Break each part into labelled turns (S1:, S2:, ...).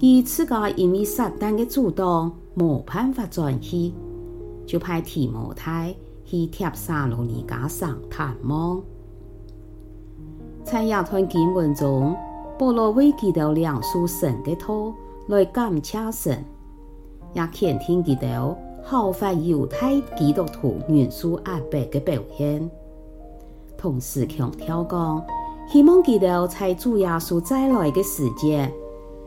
S1: 以自家因為撒旦嘅主張，冇辦法轉去，就派提摩太去帖撒羅尼迦省探望。在亞團經文中，保羅未見到兩書神嘅頭來感謝神，也傾聽到了效法猶太基督徒元素阿伯嘅表現。同時強調講，希望見到在主耶穌再來嘅時節。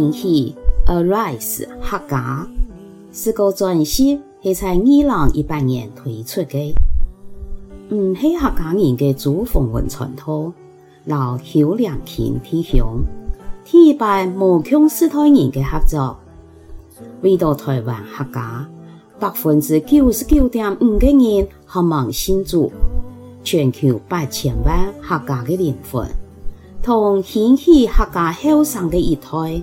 S1: 引起 Arise 客家是個鑽石是在二零一八年推出的。唔、嗯、係客家人的祖風文傳統，老小良謙天雄，天拜無疆師太人的合作，回到台灣客家百分之九十九點五嘅人渴望先做，全球八千萬客家嘅靈魂同元起客家向上嘅一代。